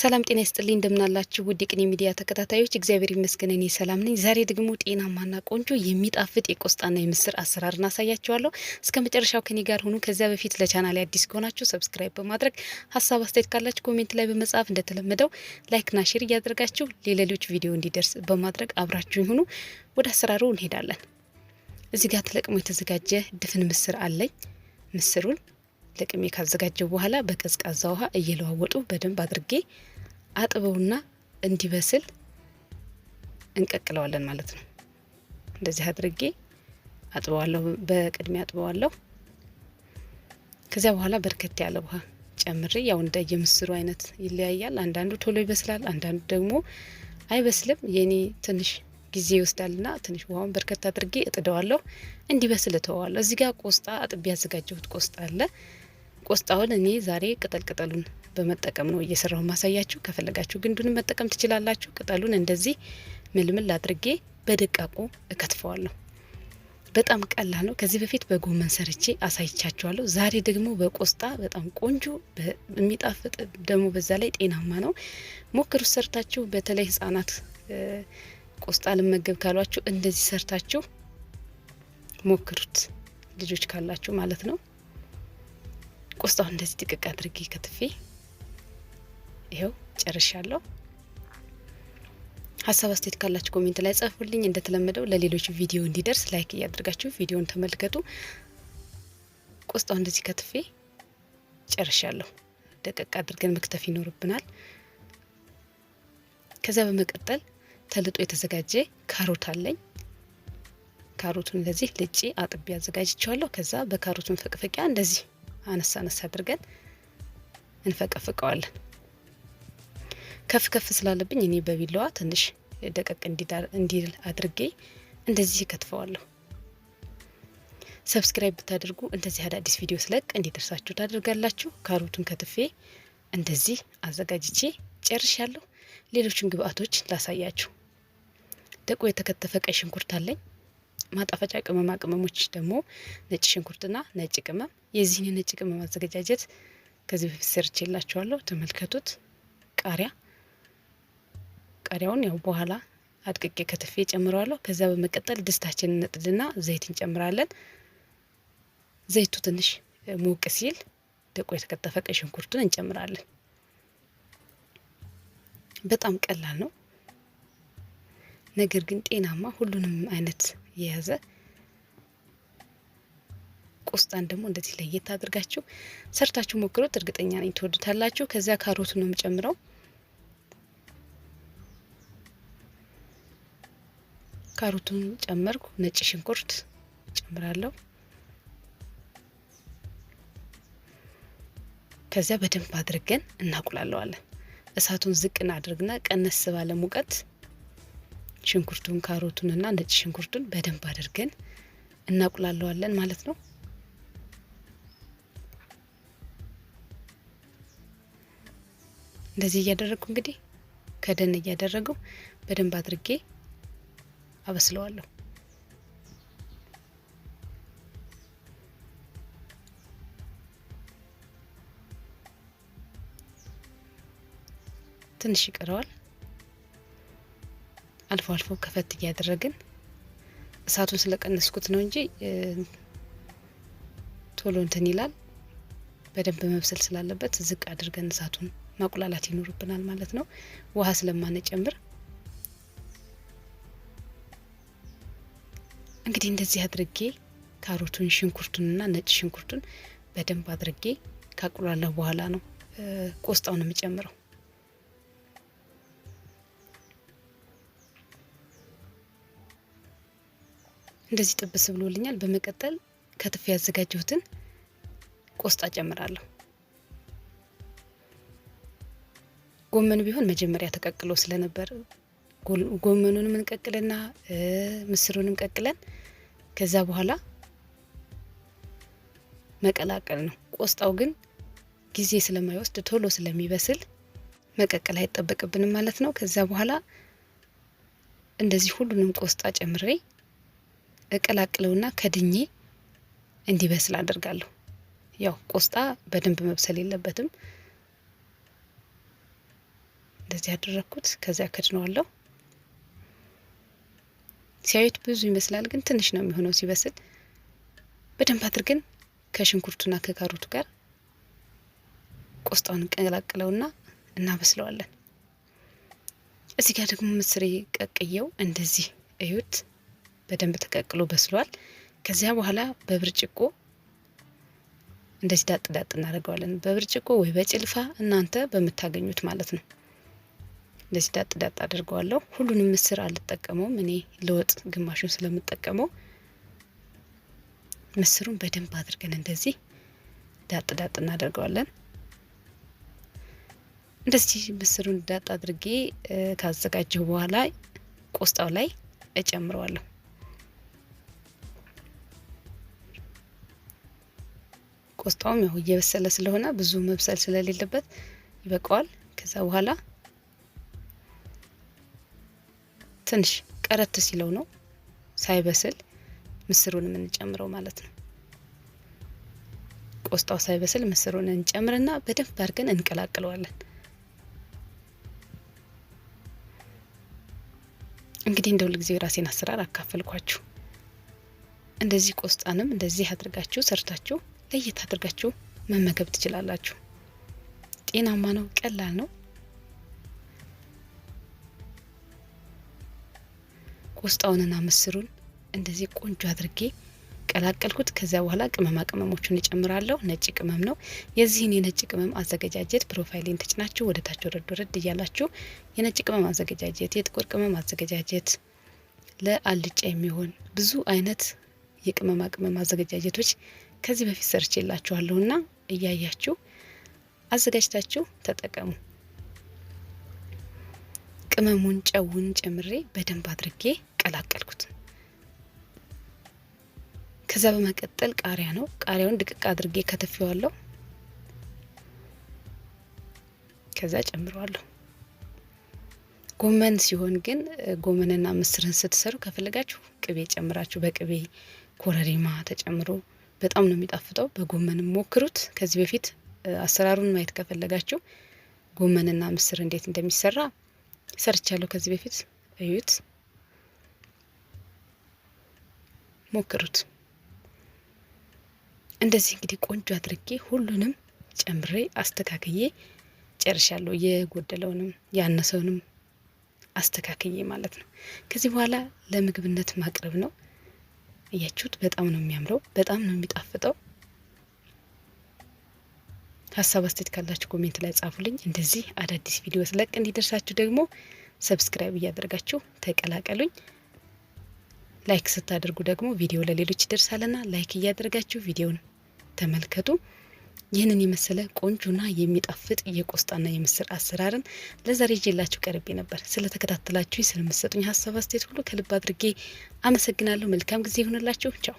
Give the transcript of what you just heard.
ሰላም ጤና ይስጥልኝ እንደምናላችሁ ውድ ቅኔ ሚዲያ ተከታታዮች፣ እግዚአብሔር ይመስገን እኔ ሰላም ነኝ። ዛሬ ደግሞ ጤናማና ቆንጆ የሚጣፍጥ የቆስጣና የምስር አሰራር እናሳያችኋለሁ። እስከ መጨረሻው ከኔ ጋር ሁኑ። ከዚያ በፊት ለቻናል አዲስ ከሆናችሁ ሰብስክራይብ በማድረግ ሀሳብ አስተያየት ካላችሁ ኮሜንት ላይ በመጻፍ እንደተለመደው ላይክና ሼር እያደረጋችሁ ለሌሎች ቪዲዮ እንዲደርስ በማድረግ አብራችሁኝ ሁኑ። ወደ አሰራሩ እንሄዳለን። እዚህ ጋር ተለቅሞ የተዘጋጀ ድፍን ምስር አለኝ። ምስሩን ለቅሜ ካዘጋጀው በኋላ በቀዝቃዛ ውሃ እየለዋወጡ በደንብ አድርጌ አጥበውና እንዲበስል እንቀቅለዋለን ማለት ነው። እንደዚህ አድርጌ አጥበዋለሁ፣ በቅድሚያ አጥበዋለሁ። ከዚያ በኋላ በርከት ያለ ውሃ ጨምሬ ያው እንደ የምስሩ አይነት ይለያያል። አንዳንዱ ቶሎ ይበስላል፣ አንዳንዱ ደግሞ አይበስልም። የኔ ትንሽ ጊዜ ይወስዳልና ትንሽ ውሃውን በርከት አድርጌ እጥደዋለሁ፣ እንዲበስል እተዋዋለሁ። እዚህ ጋር ቆስጣ አጥቤ ያዘጋጀሁት ቆስጣ አለ። ቆስጣውን እኔ ዛሬ ቅጠል ቅጠሉን በመጠቀም ነው እየሰራሁ ማሳያችሁ። ከፈለጋችሁ ግንዱንም መጠቀም ትችላላችሁ። ቅጠሉን እንደዚህ ምልምል አድርጌ በደቃቁ እከትፈዋለሁ። በጣም ቀላል ነው። ከዚህ በፊት በጎመን ሰርቼ አሳይቻችኋለሁ። ዛሬ ደግሞ በቆስጣ በጣም ቆንጆ የሚጣፍጥ ደግሞ በዛ ላይ ጤናማ ነው። ሞክሩት ሰርታችሁ። በተለይ ህጻናት ቆስጣ ልመገብ ካሏችሁ እንደዚህ ሰርታችሁ ሞክሩት፣ ልጆች ካላችሁ ማለት ነው። ቆስጣው እንደዚህ ጥቅቅ አድርጌ ከትፌ ይኸው ጨርሻለሁ። ሀሳብ አስተያየት ካላችሁ ኮሜንት ላይ ጻፉልኝ። እንደተለመደው ለሌሎች ቪዲዮ እንዲደርስ ላይክ እያደርጋችሁ ቪዲዮን ተመልከቱ። ቆስጣው እንደዚህ ከትፌ ጨርሻለሁ። ደቀቅ አድርገን መክተፍ ይኖርብናል። ከዚያ በመቀጠል ተልጦ የተዘጋጀ ካሮት አለኝ። ካሮቱን እንደዚህ ልጬ አጥቤ አዘጋጅቸዋለሁ። ከዛ በካሮቱን ፈቅፈቂያ እንደዚህ አነሳ አነስ አድርገን እንፈቀፍቀዋለን። ከፍ ከፍ ስላለብኝ እኔ በቢላዋ ትንሽ ደቀቅ እንዲል አድርጌ እንደዚህ ከትፈዋለሁ። ሰብስክራይብ ብታደርጉ እንደዚህ አዳዲስ ቪዲዮ ስለቅ እንዲደርሳችሁ ታደርጋላችሁ። ካሮቱን ከትፌ እንደዚህ አዘጋጅቼ ጨርሻለሁ። ሌሎችን ግብአቶች ላሳያችሁ። ደቆ የተከተፈ ቀይ ሽንኩርት አለኝ። ማጣፈጫ ቅመማ ቅመሞች ደግሞ ነጭ ሽንኩርትና ነጭ ቅመም። የዚህን የነጭ ቅመም አዘገጃጀት ከዚህ በፊት ሰርቼላችኋለሁ፣ ተመልከቱት። ቃሪያ ቃሪያውን ያው በኋላ አድቅቄ ከትፌ ጨምረዋለሁ። ከዛ በመቀጠል ድስታችን ነጥድና ዘይት እንጨምራለን። ዘይቱ ትንሽ ሞቅ ሲል ደቆ የተከተፈ ቀይ ሽንኩርቱን እንጨምራለን። በጣም ቀላል ነው፣ ነገር ግን ጤናማ ሁሉንም አይነት የያዘ ቁስጣን ደግሞ እንደዚህ ለየት አድርጋችሁ ሰርታችሁ ሞክሩት። እርግጠኛ ነኝ ትወዱታላችሁ። ከዚያ ካሮቱ ነው የምጨምረው። ካሮቱን ጨመርኩ። ነጭ ሽንኩርት ጨምራለሁ። ከዚያ በደንብ አድርገን እናቁላለዋለን። እሳቱን ዝቅ እናድርግና ቀነስ ባለ ሙቀት ሽንኩርቱን ካሮቱን እና ነጭ ሽንኩርቱን በደንብ አድርገን እናቁላለዋለን ማለት ነው። እንደዚህ እያደረግኩ እንግዲህ ከደን እያደረጉ በደንብ አድርጌ አበስለዋለሁ። ትንሽ ይቀረዋል። አልፎ አልፎ ከፈት እያደረግን እሳቱን ስለቀነስኩት ነው እንጂ ቶሎ እንትን ይላል። በደንብ መብሰል ስላለበት ዝቅ አድርገን እሳቱን ማቁላላት ይኖርብናል ማለት ነው። ውሃ ስለማንጨምር እንግዲህ እንደዚህ አድርጌ ካሮቱን፣ ሽንኩርቱንና ነጭ ሽንኩርቱን በደንብ አድርጌ ካቁላላሁ በኋላ ነው ቆስጣውን የምጨምረው። እንደዚህ ጥብስ ብሎልኛል። በመቀጠል ከትፍ ያዘጋጀሁትን ቆስጣ ጨምራለሁ። ጎመን ቢሆን መጀመሪያ ተቀቅሎ ስለነበር ጎመኑንም እንቀቅልና ምስሩንም ቀቅለን ከዛ በኋላ መቀላቀል ነው። ቆስጣው ግን ጊዜ ስለማይወስድ ቶሎ ስለሚበስል መቀቀል አይጠበቅብንም ማለት ነው። ከዛ በኋላ እንደዚህ ሁሉንም ቆስጣ ጨምሬ እቀላቅለውና ከድኜ እንዲበስል አደርጋለሁ። ያው ቆስጣ በደንብ መብሰል የለበትም። እንደዚህ ያደረግኩት ከዚያ ከድነዋለሁ። ሲያዩት ብዙ ይመስላል፣ ግን ትንሽ ነው የሚሆነው ሲበስል። በደንብ አድርገን ከሽንኩርቱና ከካሮቱ ጋር ቆስጣውን እንቀላቅለውና እናበስለዋለን። እዚህ ጋር ደግሞ ምስሬ ቀቅየው እንደዚህ እዩት። በደንብ ተቀቅሎ በስሏል። ከዚያ በኋላ በብርጭቆ እንደዚህ ዳጥ ዳጥ እናደርገዋለን። በብርጭቆ ወይ በጭልፋ እናንተ በምታገኙት ማለት ነው። እንደዚህ ዳጥ ዳጥ አድርገዋለሁ። ሁሉንም ምስር አልጠቀመውም እኔ ለወጥ ግማሹን ስለምጠቀመው ምስሩን በደንብ አድርገን እንደዚህ ዳጥ ዳጥ እናደርገዋለን። እንደዚህ ምስሩን ዳጥ አድርጌ ካዘጋጀሁ በኋላ ቆስጣው ላይ እጨምረዋለሁ። ቆስጣውም ያው እየበሰለ ስለሆነ ብዙ መብሰል ስለሌለበት ይበቃዋል። ከዛ በኋላ ትንሽ ቀረት ሲለው ነው ሳይበስል ምስሩን የምንጨምረው ማለት ነው። ቆስጣው ሳይበስል ምስሩን እንጨምርና በደንብ አድርገን እንቀላቅለዋለን። እንግዲህ እንደ ሁልጊዜ የራሴን አሰራር አካፈልኳችሁ። እንደዚህ ቆስጣንም እንደዚህ አድርጋችሁ ሰርታችሁ ለየት አድርጋችሁ መመገብ ትችላላችሁ። ጤናማ ነው፣ ቀላል ነው። ቆስጣውንና ምስሩን እንደዚህ ቆንጆ አድርጌ ቀላቀልኩት። ከዚያ በኋላ ቅመማ ቅመሞቹን እጨምራለሁ። ነጭ ቅመም ነው። የዚህን የነጭ ቅመም አዘገጃጀት ፕሮፋይሌን ተጭናችሁ ወደ ታች ወረድ ወረድ እያላችሁ የነጭ ቅመም አዘገጃጀት፣ የጥቁር ቅመም አዘገጃጀት፣ ለአልጫ የሚሆን ብዙ አይነት የቅመማ ቅመም አዘገጃጀቶች ከዚህ በፊት ሰርች እና እያያችሁ አዘጋጅታችሁ ተጠቀሙ። ቅመሙን ጨውን ጨምሬ በደንብ አድርጌ ቀላቀልኩት። ከዛ በመቀጠል ቃሪያ ነው። ቃሪያውን ድቅቅ አድርጌ ከትፌዋለሁ። ከዛ ጨምረዋለሁ። ጎመን ሲሆን ግን ጎመንና ምስርን ስትሰሩ ከፈለጋችሁ ቅቤ ጨምራችሁ በቅቤ ኮረሪማ ተጨምሮ በጣም ነው የሚጣፍጠው። በጎመንም ሞክሩት። ከዚህ በፊት አሰራሩን ማየት ከፈለጋችሁ ጎመንና ምስር እንዴት እንደሚሰራ ሰርቻለሁ ከዚህ በፊት እዩት፣ ሞክሩት። እንደዚህ እንግዲህ ቆንጆ አድርጌ ሁሉንም ጨምሬ አስተካክዬ ጨርሻለሁ። የጎደለውንም ያነሰውንም አስተካክዬ ማለት ነው። ከዚህ በኋላ ለምግብነት ማቅረብ ነው። እያችሁት በጣም ነው የሚያምረው፣ በጣም ነው የሚጣፍጠው። ሀሳብ አስተያየት ካላችሁ ኮሜንት ላይ ጻፉልኝ። እንደዚህ አዳዲስ ቪዲዮ ስለቅ እንዲደርሳችሁ ደግሞ ሰብስክራይብ እያደረጋችሁ ተቀላቀሉኝ። ላይክ ስታደርጉ ደግሞ ቪዲዮ ለሌሎች ይደርሳልና ላይክ እያደረጋችሁ ቪዲዮን ተመልከቱ። ይህንን የመሰለ ቆንጆና የሚጣፍጥ የቆስጣና የምስር አሰራርን ለዛሬ ይዤላችሁ ቀርቤ ነበር። ስለተከታተላችሁ ስለምሰጡኝ ሀሳብ አስተያየት ሁሉ ከልብ አድርጌ አመሰግናለሁ። መልካም ጊዜ ይሆንላችሁ። ቻው